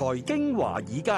財經華爾街，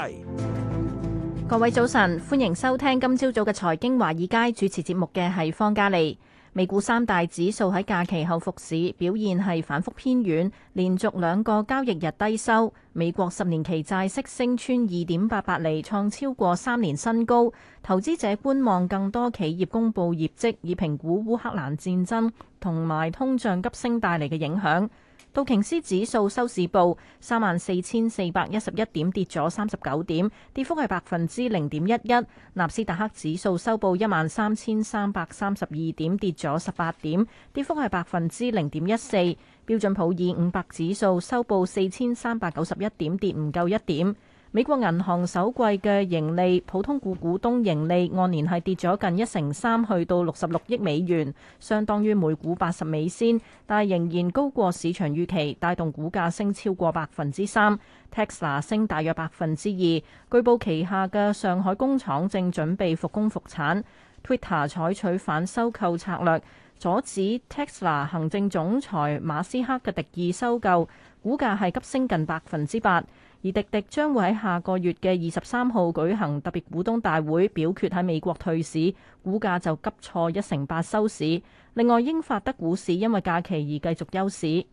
各位早晨，歡迎收聽今朝早嘅財經華爾街主持節目嘅係方嘉利，美股三大指數喺假期後復市，表現係反覆偏軟，連續兩個交易日低收。美國十年期債息升穿二點八八厘，創超過三年新高。投資者觀望更多企業公布業績，以評估烏克蘭戰爭同埋通脹急升帶嚟嘅影響。道瓊斯指數收市報三萬四千四百一十一點，跌咗三十九點，跌幅係百分之零點一一。納斯達克指數收報一萬三千三百三十二點，跌咗十八點，跌幅係百分之零點一四。標準普爾五百指數收報四千三百九十一點，跌唔夠一點。美國銀行首季嘅盈利，普通股股東盈利按年係跌咗近一成三，去到六十六億美元，相當於每股八十美仙，但係仍然高過市場預期，帶動股價升超過百分之三。Tesla 升大約百分之二，據報旗下嘅上海工廠正準備復工復產。Twitter 採取反收購策略，阻止 Tesla 行政總裁馬斯克嘅敵意收購。股價係急升近百分之八，而滴滴將會喺下個月嘅二十三號舉行特別股東大會表決喺美國退市，股價就急挫一成八收市。另外，英法德股市因為假期而繼續休市。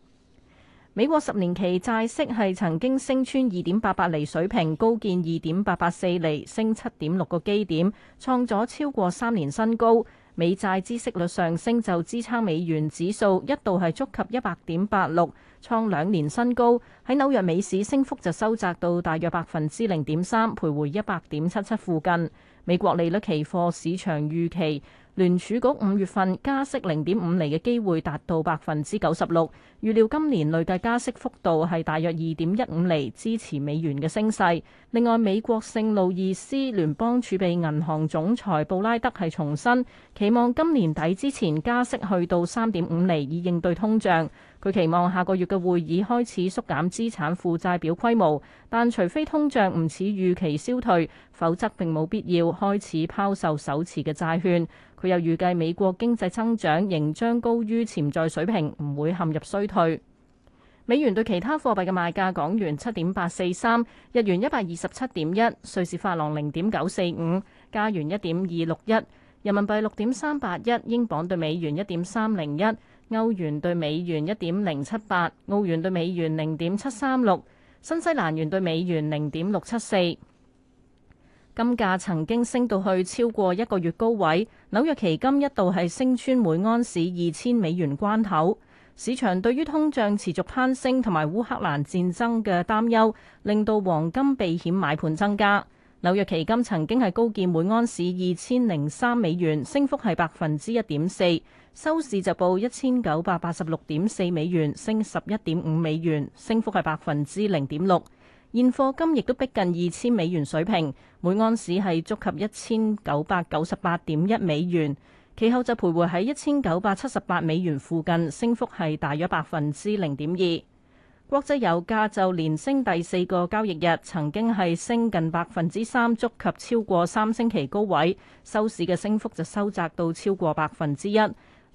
美國十年期債息係曾經升穿二點八八厘水平，高見二點八八四厘，升七點六個基點，創咗超過三年新高。美債孳息率上升就支撐美元指數一度係觸及一百點八六。創兩年新高，喺紐約美市升幅就收窄到大約百分之零點三，徘徊一百點七七附近。美國利率期貨市場預期，聯儲局五月份加息零點五厘嘅機會達到百分之九十六，預料今年累計加息幅度係大約二點一五厘，支持美元嘅升勢。另外，美國聖路易斯聯邦儲備銀行總裁布拉德係重申，期望今年底之前加息去到三點五厘，以應對通脹。佢期望下個月嘅會議開始縮減資產負債表規模，但除非通脹唔似預期消退，否則並冇必要開始拋售手持嘅債券。佢又預計美國經濟增長仍將高於潛在水平，唔會陷入衰退。美元對其他貨幣嘅賣價：港元七點八四三，日元一百二十七點一，瑞士法郎零點九四五，加元一點二六一，人民幣六點三八一，英鎊對美元一點三零一，歐元對美元一點零七八，澳元對美元零點七三六，新西蘭元對美元零點六七四。金價曾經升到去超過一個月高位，紐約期金一度係升穿每安士二千美元關頭。市場對於通脹持續攀升同埋烏克蘭戰爭嘅擔憂，令到黃金避險買盤增加。紐約期金曾經係高見每安士二千零三美元，升幅係百分之一點四，收市就報一千九百八十六點四美元，升十一點五美元，升幅係百分之零點六。現貨金亦都逼近二千美元水平，每安士係觸及一千九百九十八點一美元，其後就徘徊喺一千九百七十八美元附近，升幅係大約百分之零點二。國際油價就連升第四個交易日，曾經係升近百分之三，觸及超過三星期高位，收市嘅升幅就收窄到超過百分之一。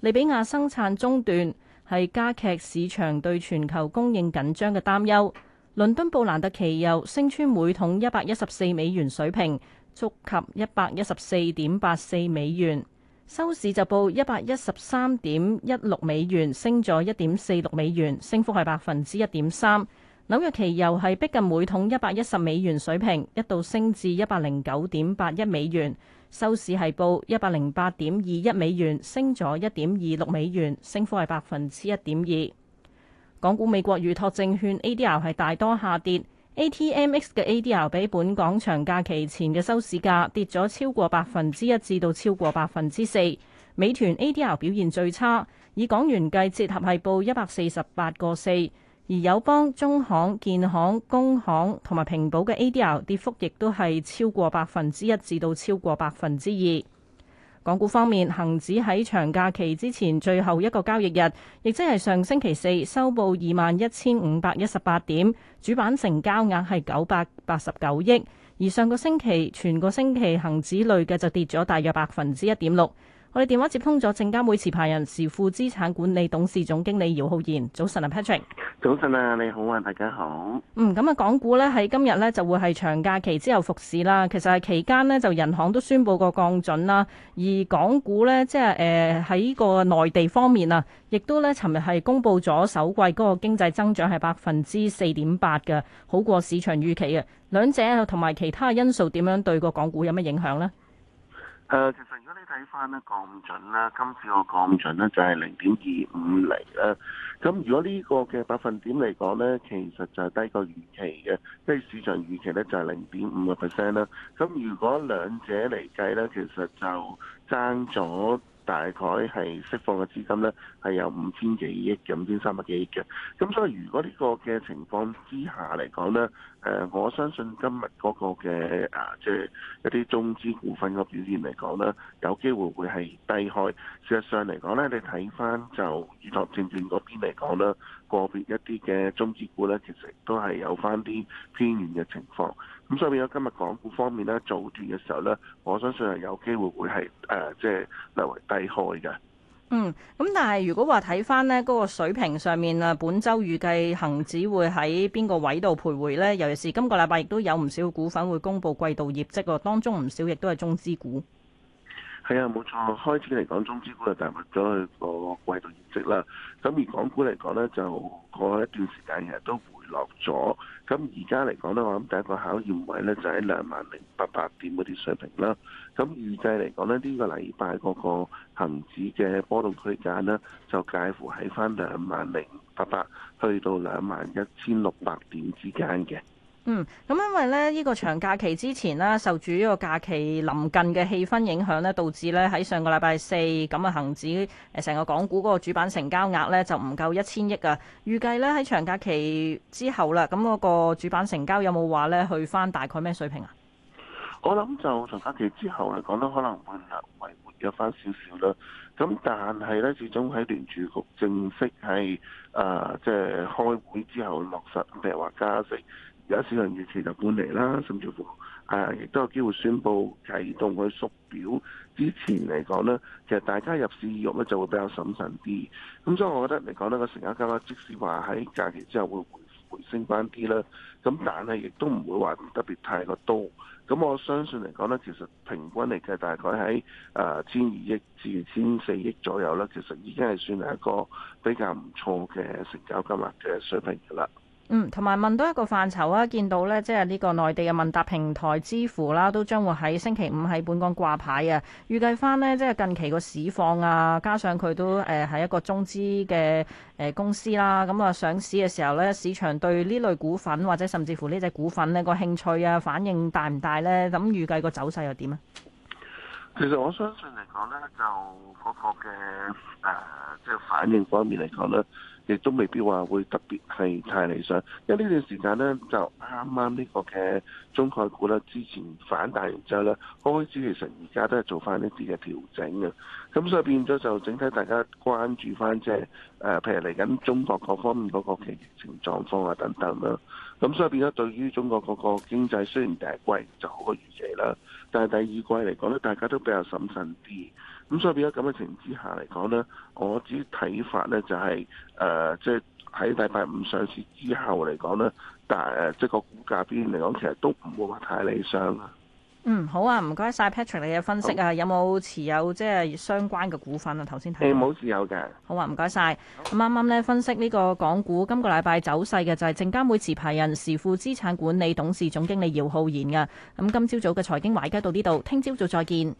利比亞生產中斷係加劇市場對全球供應緊張嘅擔憂。倫敦布蘭特期油升穿每桶一百一十四美元水平，觸及一百一十四點八四美元，收市就報一百一十三點一六美元，升咗一點四六美元，升幅係百分之一點三。紐約期油係逼近每桶一百一十美元水平，一度升至一百零九點八一美元，收市係報一百零八點二一美元，升咗一點二六美元，升幅係百分之一點二。港股、美國預託證券 A D R 係大多下跌，A T M X 嘅 A D R 比本港長假期前嘅收市價跌咗超過百分之一至到超過百分之四。美團 A D R 表現最差，以港元計，折合係報一百四十八個四，而友邦、中行、建行、工行同埋平保嘅 A D R 跌幅亦都係超過百分之一至到超過百分之二。港股方面，恒指喺長假期之前最後一個交易日，亦即係上星期四，收報二萬一千五百一十八點，主板成交額係九百八十九億。而上個星期，全個星期恒指累嘅就跌咗大約百分之一點六。我哋電話接通咗證監會持牌人士、富資產管理董事總經理姚浩然。早晨啊，Patrick。早晨啊，你好啊，大家好。嗯，咁啊，港股咧喺今日咧就會係長假期之後復市啦。其實係期間呢，就人行都宣布過降準啦，而港股咧即係誒喺個內地方面啊，亦都咧尋日係公布咗首季嗰個經濟增長係百分之四點八嘅，好過市場預期嘅。兩者同埋其他因素點樣對個港股有咩影響呢？誒、呃，其實。如果你睇翻咧降準啦，今次個降準咧就係零點二五厘啦。咁如果呢個嘅百分點嚟講咧，其實就係低過預期嘅，即係市場預期咧就係零點五個 percent 啦。咁如果兩者嚟計咧，其實就爭咗。大概係釋放嘅資金咧，係有五千幾億、五千三百幾億嘅。咁所以，如果呢個嘅情況之下嚟講咧，誒，我相信今日嗰個嘅啊，即係一啲中資股份嘅表現嚟講咧，有機會會係低開。事實上嚟講咧，你睇翻就預託證券嗰邊嚟講咧。個別一啲嘅中資股咧，其實都係有翻啲偏遠嘅情況。咁所以變咗今日港股方面咧，早段嘅時候咧，我相信係有機會會係誒，即係略為低開嘅。嗯，咁但係如果話睇翻呢嗰個水平上面啊，本周預計恒指會喺邊個位度徘徊咧？尤其是今個禮拜亦都有唔少股份會公布季度業績，當中唔少亦都係中資股。係啊，冇錯。開始嚟講，中資股就淡落咗佢個季度業績啦。咁而港股嚟講咧，就過一段時間其實都回落咗。咁而家嚟講咧，我諗第一個考驗位咧就喺兩萬零八百點嗰啲水平啦。咁預計嚟講咧，呢個禮拜嗰個恆指嘅波動區間呢，就介乎喺翻兩萬零八百去到兩萬一千六百點之間嘅。嗯，咁因為咧，依、這個長假期之前呢，受住呢個假期臨近嘅氣氛影響呢，導致咧喺上個禮拜四咁啊，恒指誒成個港股嗰個主板成交額咧就唔夠一千億啊。預計咧喺長假期之後啦，咁嗰個主板成交有冇話咧去翻大概咩水平啊？我諗就長假期之後嚟講咧，可能會略為活躍翻少少啦。咁但係咧，始終喺聯儲局正式係啊、呃，即係開會之後落實，譬如話加息。有少量預期就半厘啦，甚至乎誒亦、啊、都有機會宣布啟動佢縮表。之前嚟講呢，其實大家入市意欲咧就會比較審慎啲。咁所以，我覺得嚟講呢個成交金額即使話喺假期之後會回升翻啲啦，咁但係亦都唔會話特別太過多。咁我相信嚟講呢，其實平均嚟計大概喺誒千二億至千四億左右啦。其實已經係算係一個比較唔錯嘅成交金額嘅水平嘅啦。嗯，同埋問到一個範疇啊，見到咧，即係呢個內地嘅問答平台知乎啦，u, 都將會喺星期五喺本港掛牌啊。預計翻呢，即係近期個市況啊，加上佢都誒係一個中資嘅誒公司啦、啊，咁、嗯、啊上市嘅時候呢，市場對呢類股份或者甚至乎呢隻股份呢個興趣啊反應大唔大呢？咁、嗯、預計個走勢又點啊？其實我相信嚟講、呃就是、呢，就嗰個嘅誒即係反應方面嚟講呢。亦都未必話會特別係太理想，因為呢段時間呢，就啱啱呢個嘅中概股啦，之前反彈完之後咧，開始其實而家都係做翻一啲嘅調整嘅，咁所以變咗就整體大家關注翻即係誒，譬如嚟緊中國各方面個個嘅疫情狀況啊等等啦，咁所以變咗對於中國嗰個經濟，雖然第一季就好過預期啦，但係第二季嚟講呢，大家都比較審慎啲。咁所以，喺咁嘅情況之下嚟講呢，我自己睇法呢，法就係、是、誒，即係喺禮拜五上市之後嚟講呢，但係即係個股價邊嚟講，其實都唔會話太理想啦。嗯，好啊，唔該晒 Patrick 你嘅分析啊，好有冇持有即係相關嘅股份啊？頭先睇。你冇持有嘅。好啊，唔該晒。咁啱啱呢分析呢個港股今個禮拜走勢嘅就係證監會持牌人、時富資產管理董事總經理姚浩然嘅。咁今朝早嘅財經華爾街到呢度，聽朝早再見。